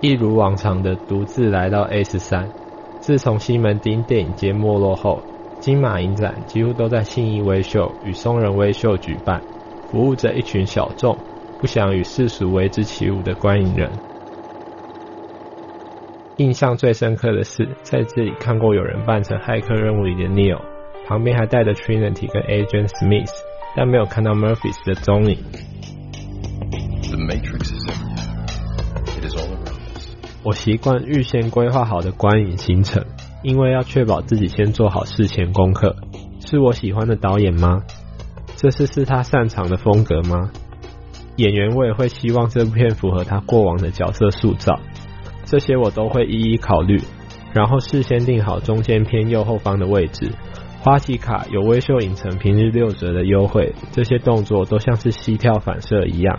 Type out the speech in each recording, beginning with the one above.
一如往常的獨自來到 A 三。自從西門町電影街沒落後，金馬影展幾乎都在信義威秀與松仁威秀舉辦，服務着一群小眾、不想與世俗為之起舞的觀影人。印象最深刻的是，在這裡看過有人扮成《駭客任務》裡的 Neo，旁邊還帶着 Trinity 跟 Agent Smith，但沒有看到 Murphy's 的蹤影。我習慣預先規劃好的觀影行程，因為要確保自己先做好事前功課。是我喜歡的導演嗎？這次是他擅長的風格嗎？演員我也會希望這部片符合他過往的角色塑造。這些我都會一一考慮，然後事先定好中間偏右後方的位置。花旗卡有威秀影城平日六折的優惠。這些動作都像是膝跳反射一樣。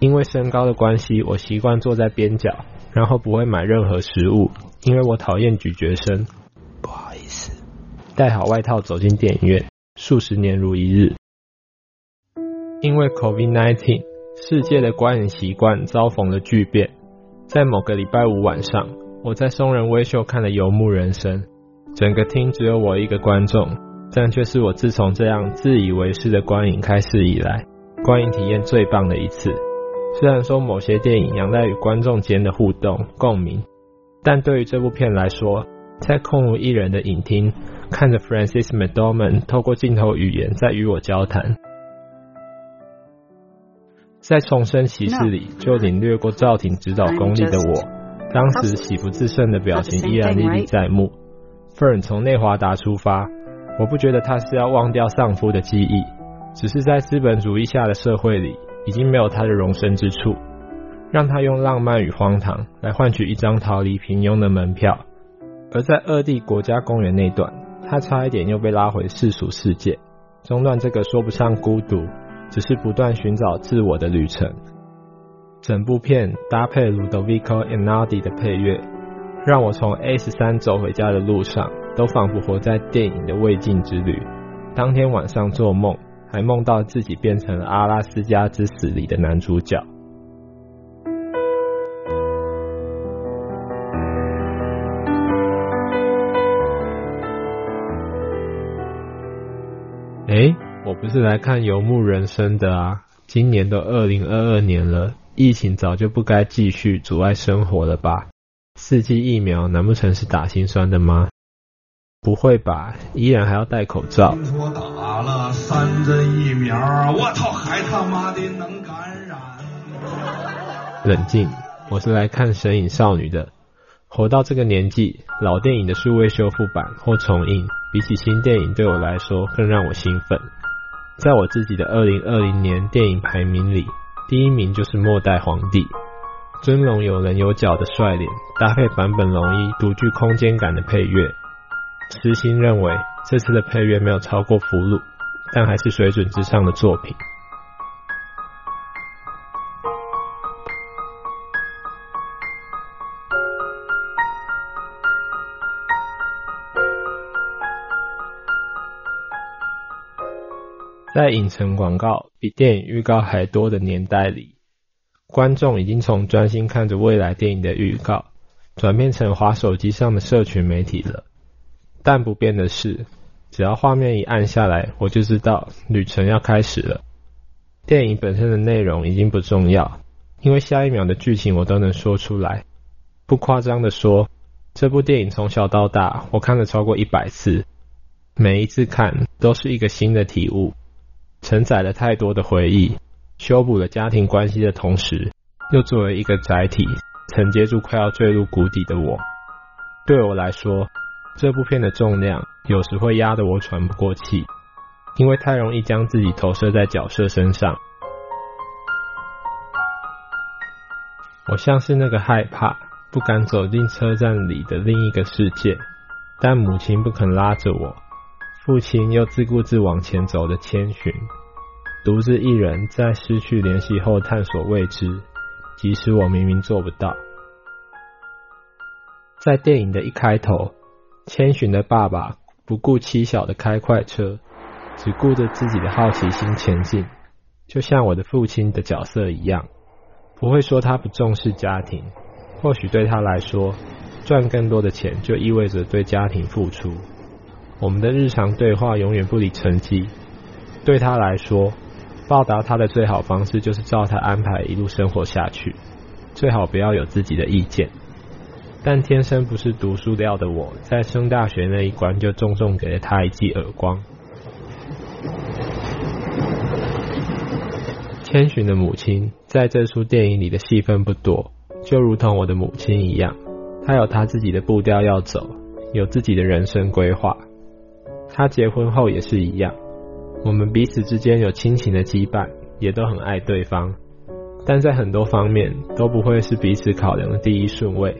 因為身高的關係，我習慣坐在邊角。然後不會買任何食物，因為我討厭咀嚼聲。不好意思，帶好外套走進電影院，數十年如一日。因為 COVID-19，世界的觀影習慣遭逢了巨變。在某個禮拜五晚上，我在松仁威秀看了《遊牧人生》，整個廳只有我一個觀眾，但卻是我自從這樣自以為是的觀影開始以來，觀影體驗最棒的一次。雖然說某些電影仰賴與觀眾間的互動共鳴，但對於這部片來說，在空無一人的影廳，看着 Francis McDormand 透過鏡頭語言在與我交談，在《重生騎士》裡就領略過趙婷執導功力的我，當時喜不自勝的表情依然歷歷在目。No. 在立立在目 no. Fern 從內華達出發，我不覺得他是要忘掉喪夫的記憶，只是在資本主義下的社會裡。已經沒有他的容身之處，讓他用浪漫與荒唐來換取一張逃離平庸的門票。而在惡地國家公園那段，他差，差一點又被拉回世俗世界，中斷這個說不上孤獨，只是不斷尋找自我的旅程。整部片搭配 Ludovico Einaudi 的配樂，讓我從 A 十三走回家的路上，都仿佛活在電影的未盡之旅。當天晚上做夢。還夢到自己變成《阿拉斯加之死》裡的男主角。欸，哎，我不是來看游牧人生的啊！今年都二零二二年了，疫情早就不該繼續阻礙生活了吧？四季疫苗，難不成是打辛酸的嗎？不會吧，依然還要戴口罩。三針疫苗，我操，還他媽的能感染？ 冷靜，我是來看《神隱少女》的。活到這個年紀，老電影的數位修復版或重映，比起新電影對我來說更讓我興奮。在我自己的二零二零年電影排名裡，第一名就是《末代皇帝》。尊龍有稜有角的帥臉，搭配坂本龍一獨具空間感的配樂，癡心認為這次的配樂沒有超過《俘虜》。但還是水準之上的作品。在影城廣告比電影預告還多的年代裡，觀眾已經從專心看着未來電影的預告，轉變成滑手機上的社群媒體了。但不變的是。只要畫面一暗下來，我就知道旅程要開始了。電影本身的內容已經不重要，因為下一秒的劇情我都能說出來。不誇張地說，這部電影從小到大我看了超過一百次，每一次看都是一個新的體悟，承載了太多的回憶，修補了家庭關係的同時，又作為一個載體，承接住快要墜入谷底的我。對我來說。這部片的重量有時會壓得我喘不過氣，因為太容易將自己投射在角色身上。我像是那個害怕不敢走進車站裡的另一個世界，但母親不肯拉着我，父親又自顧自往前走的千尋，獨自一人在失去聯繫後探索未知，即使我明明做不到。在電影的一開頭。千尋的爸爸不顧妻小的開快車，只顧着自己的好奇心前進，就像我的父親的角色一樣，不會說他不重視家庭。或許對他來說，賺更多的錢就意味着對家庭付出。我們的日常對話永遠不離成績，對他來說，報答他的最好方式就是照他安排一路生活下去，最好不要有自己的意見。但天生不是讀書料的我，在升大學那一關就重重給了他一記耳光。千尋的母親在這出電影裡的戲份不多，就如同我的母親一樣，她有她自己的步調要走，有自己的人生規劃。她結婚後也是一樣，我們彼此之間有親情的羈絆，也都很愛對方，但在很多方面都不會是彼此考量的第一順位。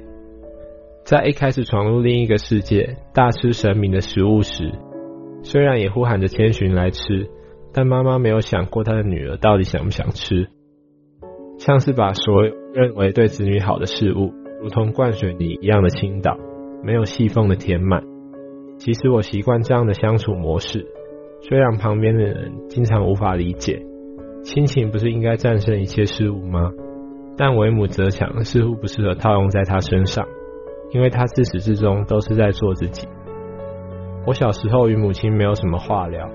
在一開始闖入另一個世界，大吃神明的食物時，雖然也呼喊着千尋來吃，但媽媽沒有想過她的女兒到底想不想吃，像是把所有認為對子女好的事物，如同灌水泥一樣的傾倒，沒有細縫的填滿。其實我習慣這樣的相處模式，雖然旁邊的人經常無法理解，親情不是應該戰勝一切事物嗎？但為母則強似乎不適合套用在她身上。因為他自始至終都是在做自己。我小時候與母親沒有什麼話聊，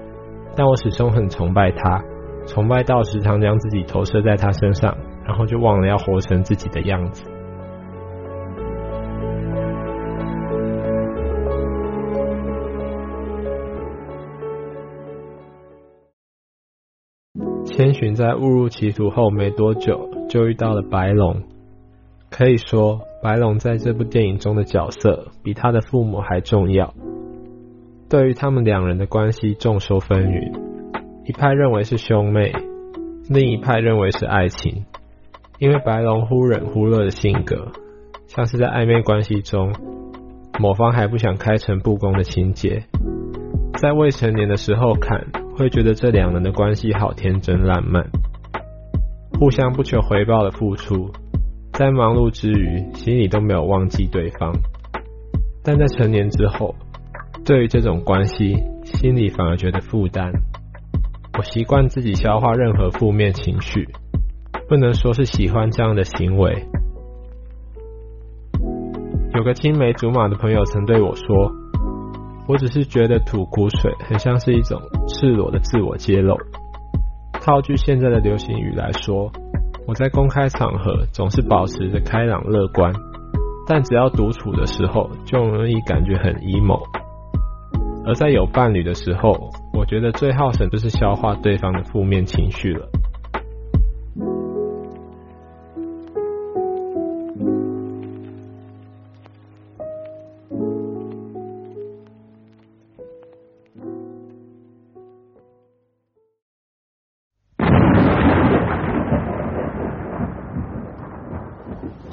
但我始終很崇拜她，崇拜到時常將自己投射在她身上，然後就忘了要活成自己的樣子。千尋在誤入歧途後沒多久，就遇到了白龍。可以說，白龍在這部電影中的角色比他的父母還重要。對於他們兩人的關係，眾說紛紜，一派認為是兄妹，另一派認為是愛情。因為白龍忽冷忽熱的性格，像是在曖昧關係中，某方還不想開誠布公的情節。在未成年的時候看，會覺得這兩人的關係好天真爛漫，互相不求回報的付出。在忙碌之餘，心裡都沒有忘記對方。但在成年之後，對於這種關係，心裡反而覺得負擔。我習慣自己消化任何負面情緒，不能說是喜歡這樣的行為。有個青梅竹馬的朋友曾對我說：“我只是覺得吐苦水，很像是一種赤裸的自我揭露。”套句現在的流行語來說，我在公開場合總是保持着開朗樂觀，但只要獨處的時候，就容易感覺很 emo。而在有伴侶的時候，我覺得最耗神就是消化對方的負面情緒了。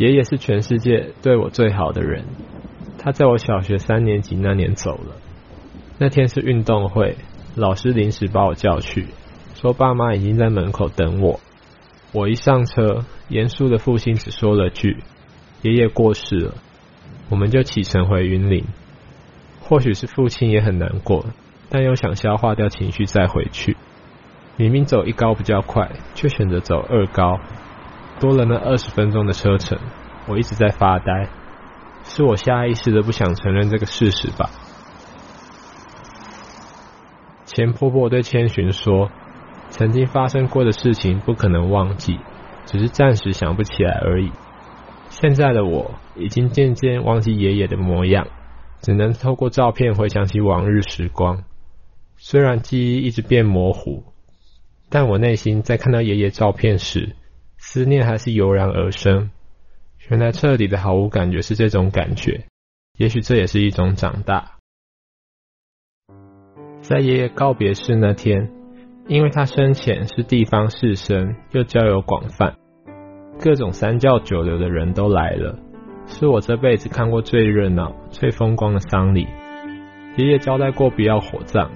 爺爺是全世界對我最好的人，他在我小學三年級那年走了。那天是運動會，老師臨時把我叫去，說爸媽已經在門口等我。我一上車，嚴肅的父親只說了句：“爺爺過世了。”我們就啟程回雲林。或許是父親也很難過，但又想消化掉情緒再回去。明明走一高比較快，卻選擇走二高。多了那二十分鐘的車程，我一直在發呆，是我下意識的不想承認這個事實吧？錢婆婆對千尋說：“曾經發生過的事情不可能忘記，只是暫時想不起來而已。”現在的我已經漸漸忘記爺爺的模樣，只能透過照片回想起往日時光。雖然記憶一直變模糊，但我內心在看到爺爺照片時，思念還是油然而生。原來徹底的毫無感覺是這種感覺，也許這也是一種長大。在爺爺告別式那天，因為他生前是地方士紳，又交友廣泛，各種三教九流的人都來了，是我這輩子看過最熱鬧、最風光的喪禮。爺爺交代過不要火葬，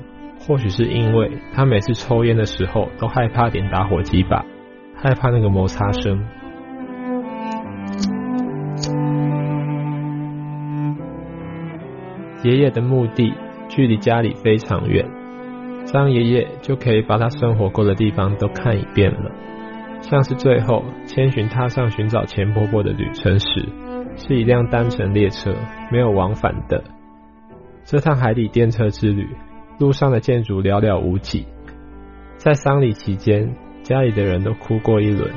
或許是因為他每次抽煙的時候都害怕點打火機吧。害怕那個摩擦聲。爺爺的墓地距離家裡非常遠，張爺爺就可以把他生活過的地方都看一遍了。像是最後千尋踏上尋找錢婆婆的旅程時，是一輛單程列車，沒有往返的。這趟海底電車之旅，路上的建築寥寥無幾。在喪禮期間。家裡的人都哭過一輪，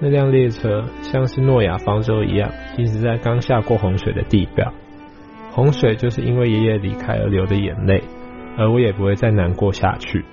那輛列車像是諾亞方舟一樣，行駛在剛下過洪水的地表。洪水就是因為爺爺離開而流的眼淚，而我也不會再難過下去。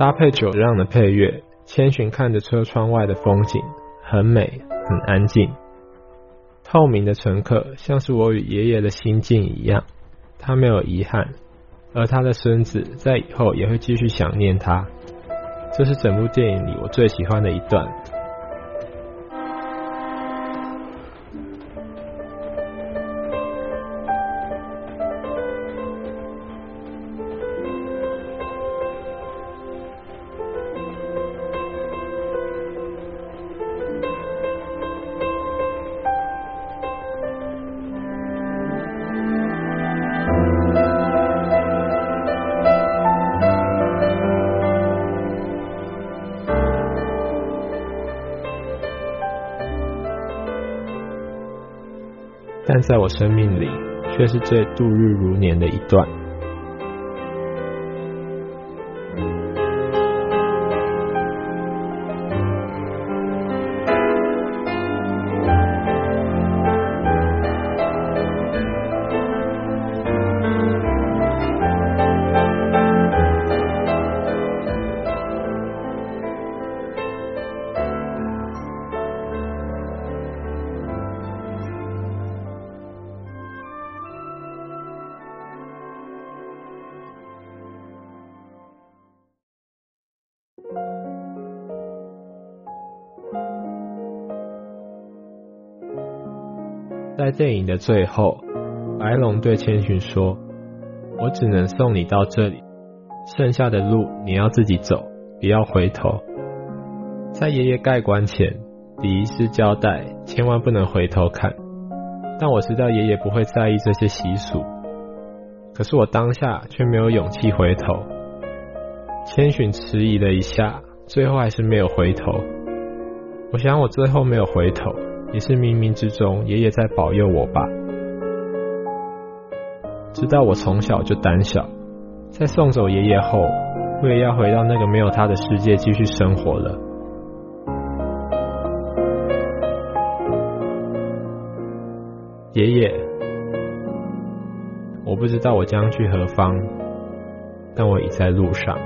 搭配久石讓的配樂，千尋看着車窗外的風景，很美，很安靜。透明的乘客像是我與爺爺的心境一樣，他沒有遺憾，而他的孫子在以後也會繼續想念他。這是整部電影裡我最喜歡的一段。在我生命裡，卻是最度日如年的一段。在電影的最後，白龍對千尋說：“我只能送你到這裡，剩下的路你要自己走，不要回頭。”在爺爺蓋棺前，禮儀師交代，千萬不能回頭看。但我知道爺爺不會在意這些習俗，可是我當下卻沒有勇氣回頭。千尋遲疑了一下，最後還是沒有回頭。我想，我最後沒有回頭。也是冥冥之中，爺爺在保佑我吧。知道我從小就膽小，在送走爺爺後，我也要回到那個沒有他的世界繼續生活了。爺爺，我不知道我將去何方，但我已在路上。